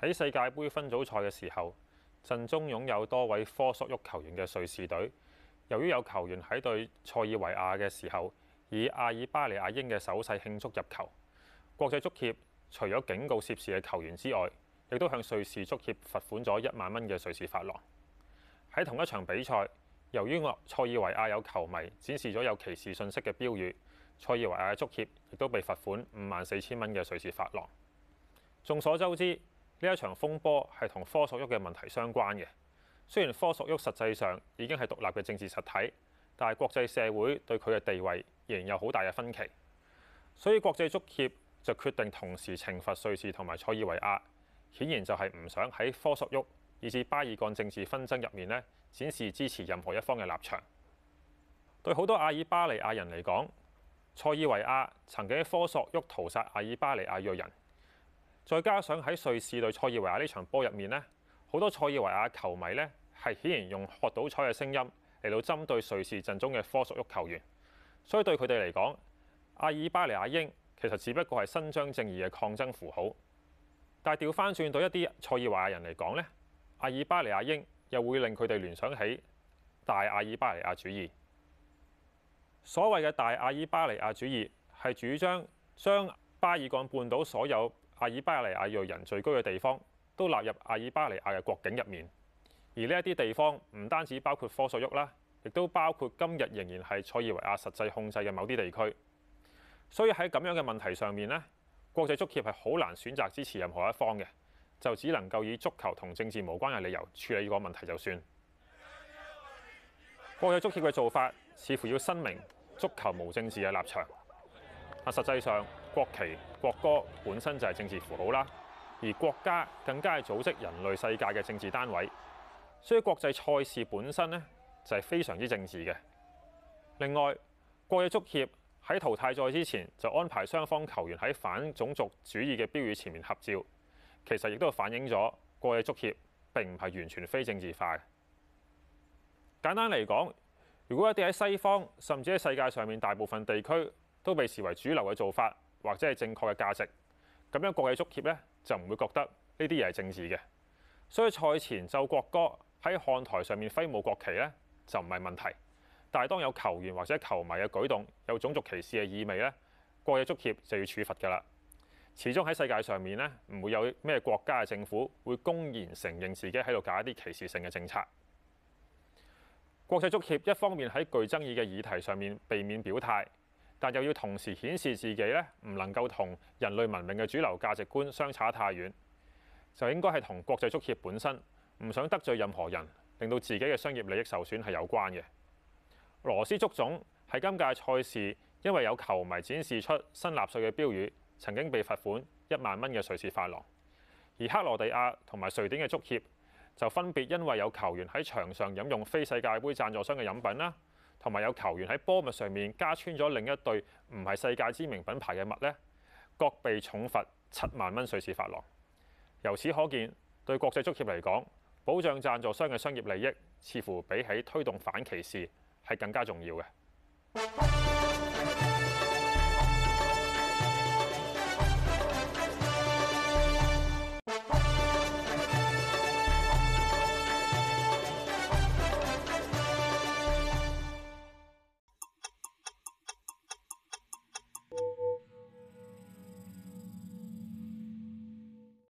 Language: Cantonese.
喺世界盃分組賽嘅時候，陣中擁有多位科索沃球員嘅瑞士隊，由於有球員喺對塞爾維亞嘅時候以阿爾巴尼亞鷹嘅手勢慶祝入球，國際足協除咗警告涉事嘅球員之外，亦都向瑞士足協罰款咗一萬蚊嘅瑞士法郎。喺同一場比賽。由於愛塞爾維亞有球迷展示咗有歧視信息嘅標語，塞爾維亞足協亦都被罰款五萬四千蚊嘅瑞士法郎。眾所周知，呢一場風波係同科索沃嘅問題相關嘅。雖然科索沃實際上已經係獨立嘅政治實體，但係國際社會對佢嘅地位仍然有好大嘅分歧。所以國際足協就決定同時懲罰瑞士同埋塞爾維亞，顯然就係唔想喺科索沃，以至巴爾幹政治紛爭入面呢展示支持任何一方嘅立場。對好多亞爾巴尼亞人嚟講，塞爾維亞曾經喺科索沃屠殺亞爾巴尼亞裔人，再加上喺瑞士對塞爾維亞呢場波入面呢好多塞爾維亞球迷呢係顯然用喝倒彩嘅聲音嚟到針對瑞士陣中嘅科索沃球員，所以對佢哋嚟講，亞爾巴尼亞英其實只不過係伸張正義嘅抗爭符號。但係調翻轉對一啲塞爾維亞人嚟講呢。阿爾巴尼亞英又會令佢哋聯想起大阿爾巴尼亞主義。所謂嘅大阿爾巴尼亞主義係主張將巴爾幹半島所有阿爾巴尼亞裔人聚居嘅地方都納入阿爾巴尼亞嘅國境入面。而呢一啲地方唔單止包括科索沃啦，亦都包括今日仍然係塞爾維亞實際控制嘅某啲地區。所以喺咁樣嘅問題上面咧，國際足協係好難選擇支持任何一方嘅。就只能夠以足球同政治無關嘅理由處理呢個問題就算。國際足協嘅做法似乎要申明足球無政治嘅立場，但實際上國旗國歌本身就係政治符號啦。而國家更加係組織人類世界嘅政治單位，所以國際賽事本身呢，就係非常之政治嘅。另外，國際足協喺淘汰賽之前就安排雙方球員喺反種族主義嘅標語前面合照。其實亦都反映咗國際足協並唔係完全非政治化嘅。簡單嚟講，如果一啲喺西方甚至喺世界上面大部分地區都被視為主流嘅做法或者係正確嘅價值，咁樣國際足協咧就唔會覺得呢啲嘢係政治嘅。所以賽前奏國歌，喺看台上面揮舞國旗咧就唔係問題，但係當有球員或者球迷嘅舉動有種族歧視嘅意味咧，國際足協就要處罰㗎啦。始終喺世界上面呢唔會有咩國家嘅政府會公然承認自己喺度搞一啲歧視性嘅政策。國際足協一方面喺具爭議嘅議題上面避免表態，但又要同時顯示自己呢唔能夠同人類文明嘅主流價值觀相差太遠，就應該係同國際足協本身唔想得罪任何人，令到自己嘅商業利益受損係有關嘅。羅斯足總喺今屆賽事因為有球迷展示出新納粹嘅標語。曾經被罰款一萬蚊嘅瑞士法郎，而克羅地亞同埋瑞典嘅足協就分別因為有球員喺場上飲用非世界盃贊助商嘅飲品啦，同埋有球員喺波襪上面加穿咗另一對唔係世界知名品牌嘅襪呢，各被重罰七萬蚊瑞士法郎。由此可見，對國際足協嚟講，保障贊助商嘅商業利益，似乎比起推動反歧視係更加重要嘅。